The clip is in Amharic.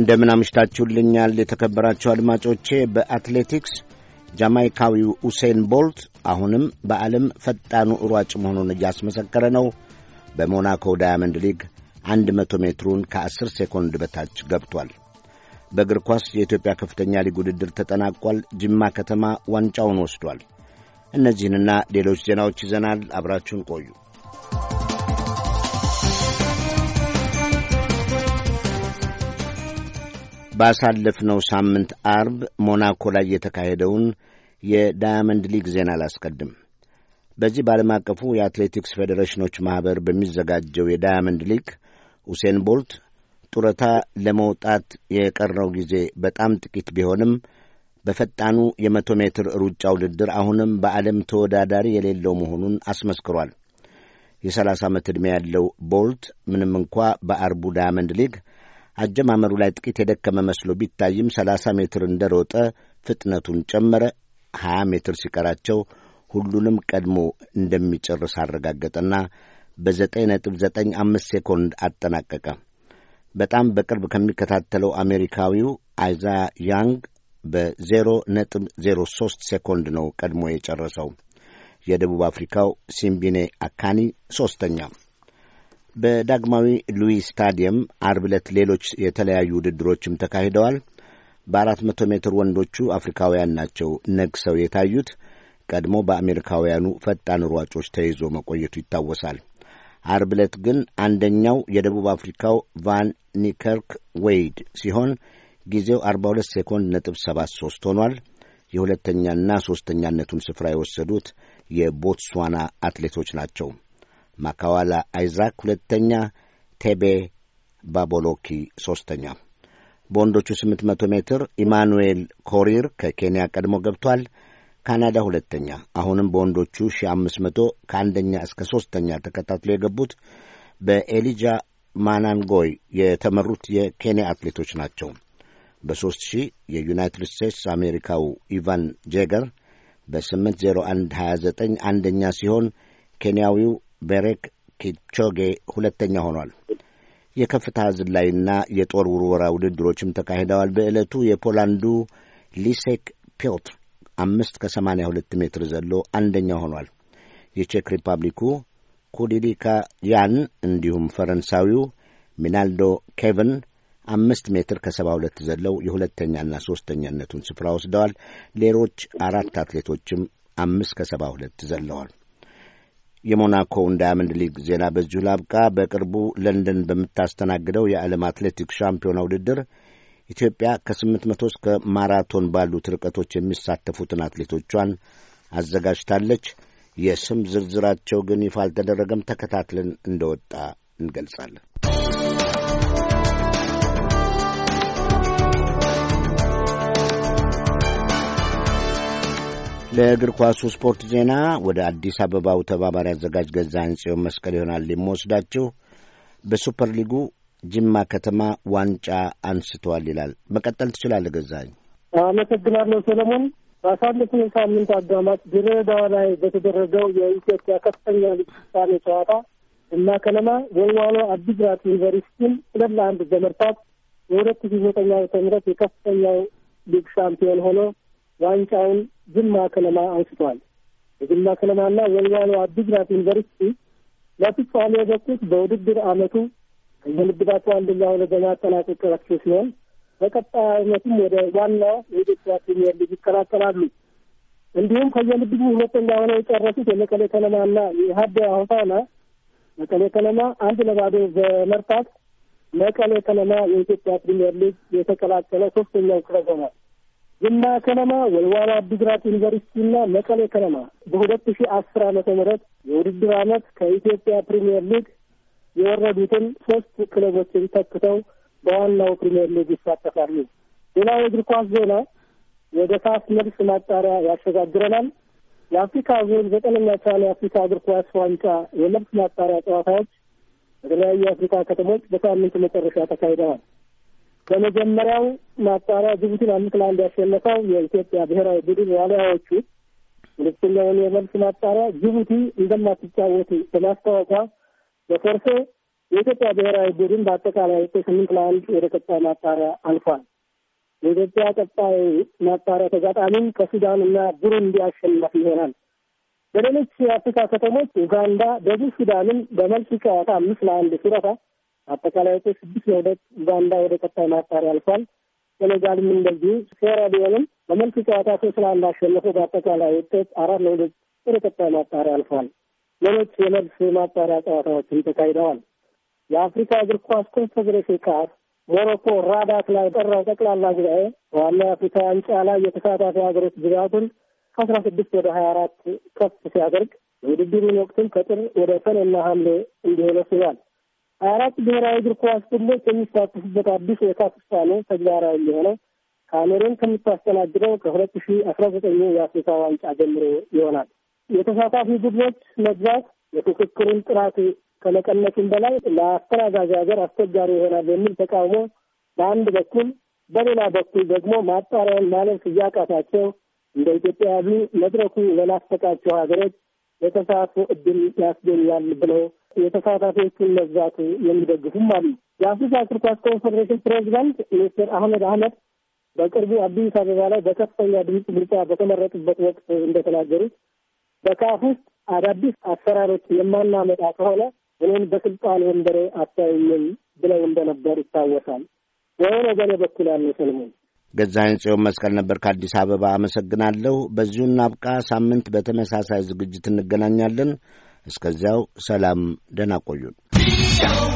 እንደምን አምሽታችሁልኛል የተከበራችሁ አድማጮቼ። በአትሌቲክስ ጃማይካዊው ኡሴን ቦልት አሁንም በዓለም ፈጣኑ ሯጭ መሆኑን እያስመሰከረ ነው። በሞናኮ ዳያመንድ ሊግ መቶ ሜትሩን ከ10 ሴኮንድ በታች ገብቷል። በእግር ኳስ የኢትዮጵያ ከፍተኛ ሊግ ውድድር ተጠናቋል። ጅማ ከተማ ዋንጫውን ወስዷል። እነዚህንና ሌሎች ዜናዎች ይዘናል። አብራችሁን ቆዩ። ባሳለፍነው ሳምንት አርብ ሞናኮ ላይ የተካሄደውን የዳያመንድ ሊግ ዜና አላስቀድም። በዚህ በዓለም አቀፉ የአትሌቲክስ ፌዴሬሽኖች ማኅበር በሚዘጋጀው የዳያመንድ ሊግ ሁሴን ቦልት ጡረታ ለመውጣት የቀረው ጊዜ በጣም ጥቂት ቢሆንም በፈጣኑ የመቶ ሜትር ሩጫ ውድድር አሁንም በዓለም ተወዳዳሪ የሌለው መሆኑን አስመስክሯል። የ30 ዓመት ዕድሜ ያለው ቦልት ምንም እንኳ በአርቡ ዳያመንድ ሊግ አጀማመሩ ላይ ጥቂት የደከመ መስሎ ቢታይም 30 ሜትር እንደሮጠ ፍጥነቱን ጨመረ። 20 ሜትር ሲቀራቸው ሁሉንም ቀድሞ እንደሚጨርስ አረጋገጠና በ9.95 ሴኮንድ አጠናቀቀ። በጣም በቅርብ ከሚከታተለው አሜሪካዊው አይዛ ያንግ በ0.03 ሴኮንድ ነው ቀድሞ የጨረሰው። የደቡብ አፍሪካው ሲምቢኔ አካኒ ሦስተኛ በዳግማዊ ሉዊስ ስታዲየም አርብ ዕለት ሌሎች የተለያዩ ውድድሮችም ተካሂደዋል። በአራት መቶ ሜትር ወንዶቹ አፍሪካውያን ናቸው ነግሰው የታዩት። ቀድሞ በአሜሪካውያኑ ፈጣን ሯጮች ተይዞ መቆየቱ ይታወሳል። አርብ ዕለት ግን አንደኛው የደቡብ አፍሪካው ቫን ኒከርክ ዌይድ ሲሆን ጊዜው 42 ሴኮንድ ነጥብ 73 ሆኗል። የሁለተኛና ሦስተኛነቱን ስፍራ የወሰዱት የቦትስዋና አትሌቶች ናቸው። ማካዋላ አይዛክ ሁለተኛ፣ ቴቤ ባቦሎኪ ሦስተኛ። በወንዶቹ መቶ ሜትር ኢማኑኤል ኮሪር ከኬንያ ቀድሞ ገብቷል። ካናዳ ሁለተኛ። አሁንም በወንዶቹ ሺ መቶ ከአንደኛ እስከ ሦስተኛ ተከታትሎ የገቡት በኤሊጃ ማናንጎይ የተመሩት የኬንያ አትሌቶች ናቸው። በሦስት ሺህ የዩናይትድ ስቴትስ አሜሪካው ኢቫን ጄገር በ80129 አንደኛ ሲሆን ኬንያዊው ቤሬክ ኪቾጌ ሁለተኛ ሆኗል። የከፍታ ዝላይና የጦር ውርወራ ውድድሮችም ተካሂደዋል። በዕለቱ የፖላንዱ ሊሴክ ፒዮትር አምስት ከሰማንያ ሁለት ሜትር ዘሎ አንደኛ ሆኗል። የቼክ ሪፐብሊኩ ኩዲሊካ ያን እንዲሁም ፈረንሳዊው ሚናልዶ ኬቨን አምስት ሜትር ከሰባ ሁለት ዘለው የሁለተኛና ሦስተኛነቱን ስፍራ ወስደዋል። ሌሎች አራት አትሌቶችም አምስት ከሰባ ሁለት ዘለዋል። የሞናኮው እንዳያመንድ ሊግ ዜና በዚሁ ላብቃ። በቅርቡ ለንደን በምታስተናግደው የዓለም አትሌቲክ ሻምፒዮና ውድድር ኢትዮጵያ ከ800 እስከ ማራቶን ባሉት ርቀቶች የሚሳተፉትን አትሌቶቿን አዘጋጅታለች። የስም ዝርዝራቸው ግን ይፋ አልተደረገም። ተከታትለን እንደወጣ እንገልጻለን። ለእግር ኳሱ ስፖርት ዜና ወደ አዲስ አበባው ተባባሪ አዘጋጅ ገዛኸኝ ጽዮን መስቀል ይሆናል የምወስዳችሁ። በሱፐር ሊጉ ጅማ ከተማ ዋንጫ አንስተዋል ይላል። መቀጠል ትችላለህ ገዛኸኝ። አመሰግናለሁ ሰለሞን። ባሳለፍነው ሳምንት አጋማሽ ድሬዳዋ ላይ በተደረገው የኢትዮጵያ ከፍተኛ ሊግ ፍጻሜ ጨዋታ ጅማ ከነማ ወልዋሎ አዲግራት ዩኒቨርሲቲን ሁለት ለአንድ በመርታት የሁለት ሺ ዘጠኝ ዓመተ ምህረት የከፍተኛው ሊግ ሻምፒዮን ሆኖ ዋንጫውን ጅማ ከለማ አንስተዋል። የጅማ ከነማና ወልዋሎ አዲግራት ዩኒቨርሲቲ ለፍጻሜ የበቁት በውድድር አመቱ ከየምድባቸው አንደኛ ሆነው በማጠናቀቃቸው ሲሆን በቀጣይ ዓመቱም ወደ ዋናው የኢትዮጵያ ፕሪሚየር ሊግ ይቀላቀላሉ። እንዲሁም ከየምድቡ ሁለተኛ ሆነው የጨረሱት የመቀሌ ከነማና የሀደ ሆሳዕና መቀሌ ከነማ አንድ ለባዶ በመርታት መቀሌ ከነማ የኢትዮጵያ ፕሪሚየር ሊግ የተቀላቀለ ሶስተኛው ክለብ ሆኗል። ዝና ከነማ፣ ወልዋላ አዲግራት ዩኒቨርሲቲና መቀሌ ከነማ በሁለት ሺ አስር አመተ ምህረት የውድድር ዓመት ከኢትዮጵያ ፕሪምየር ሊግ የወረዱትን ሶስት ክለቦችን ተክተው በዋናው ፕሪምየር ሊግ ይሳተፋሉ። ሌላው የእግር ኳስ ዜና ወደ ካፍ መልስ ማጣሪያ ያሸጋግረናል። የአፍሪካ ዞን ዘጠነኛ ቻለ የአፍሪካ እግር ኳስ ዋንጫ የመልስ ማጣሪያ ጨዋታዎች በተለያዩ የአፍሪካ ከተሞች በሳምንቱ መጨረሻ ተካሂደዋል። በመጀመሪያው ማጣሪያ ጅቡቲን አምስት ለአንድ ያሸነፈው የኢትዮጵያ ብሔራዊ ቡድን ዋልያዎቹ ሁለተኛውን የመልስ ማጣሪያ ጅቡቲ እንደማትጫወት በማስታወቋ በፎርፌ የኢትዮጵያ ብሔራዊ ቡድን በአጠቃላይ ስምንት ለአንድ ወደ ቀጣይ ማጣሪያ አልፏል። የኢትዮጵያ ቀጣይ ማጣሪያ ተጋጣሚም ከሱዳን እና ቡሩንዲ አሸናፊ ይሆናል። በሌሎች የአፍሪካ ከተሞች ኡጋንዳ ደቡብ ሱዳንን በመልስ ጨዋታ አምስት ለአንድ ሲረታ አጠቃላይ ወቶ ስድስት ለሁለት ኡጋንዳ ወደ ቀጣይ ማጣሪያ አልፏል። ሴኔጋልም እንደዚሁ ሴራ ቢሆንም በመልክ ጨዋታ ሶስት ለአንድ በአጠቃላይ ውጤት አራት ለሁለት ወደ ቀጣይ ማጣሪያ አልፏል። ሌሎች የመልስ ማጣሪያ ጨዋታዎችም ተካሂደዋል። የአፍሪካ እግር ኳስ ኮንፌዴሬሽን ካፍ ሞሮኮ ራዳት ላይ ጠራው ጠቅላላ ጉባኤ በዋና የአፍሪካ ዋንጫ ላይ የተሳታፊ ሀገሮች ብዛቱን ከአስራ ስድስት ወደ ሀያ አራት ከፍ ሲያደርግ የውድድሩን ወቅትም ከጥር ወደ ሰኔና ሐምሌ እንዲሆነ ስሏል። አራት ብሔራዊ እግር ኳስ ቡድኖች የሚሳተፉበት አዲስ የካፍ ፍጻሜ ተግባራዊ የሆነው ካሜሩን ከምታስተናግደው ከሁለት ሺ አስራ ዘጠኝ የአፍሪካ ዋንጫ ጀምሮ ይሆናል። የተሳታፊ ቡድኖች መግዛት የፉክክሩን ጥራት ከመቀነሱም በላይ ለአስተናጋጅ ሀገር አስቸጋሪ ይሆናል የሚል ተቃውሞ በአንድ በኩል፣ በሌላ በኩል ደግሞ ማጣሪያን ማለፍ እያቃታቸው እንደ ኢትዮጵያ ያሉ መድረኩ ለናፈቃቸው ሀገሮች የተሳትፎ እድል ያስገኛል ብለው የተሳታፊዎቹን መብዛት የሚደግፉም አሉ። የአፍሪካ እግር ኳስ ኮንፌዴሬሽን ፕሬዚዳንት ሚኒስትር አህመድ አህመድ በቅርቡ አዲስ አበባ ላይ በከፍተኛ ድምፅ ብልጫ በተመረጡበት ወቅት እንደተናገሩት በካፍ ውስጥ አዳዲስ አሰራሮች የማናመጣ ከሆነ እኔን በስልጣን ወንበሬ አታዩኝም ብለው እንደነበር ይታወሳል። በሆነ ገኔ በኩል ያለ ሰለሞን ገዛኸኝ ጽዮን መስቀል ነበር ከአዲስ አበባ አመሰግናለሁ። በዚሁ እናብቃ። ሳምንት በተመሳሳይ ዝግጅት እንገናኛለን። እስከዚያው ሰላም፣ ደህና ቆዩን።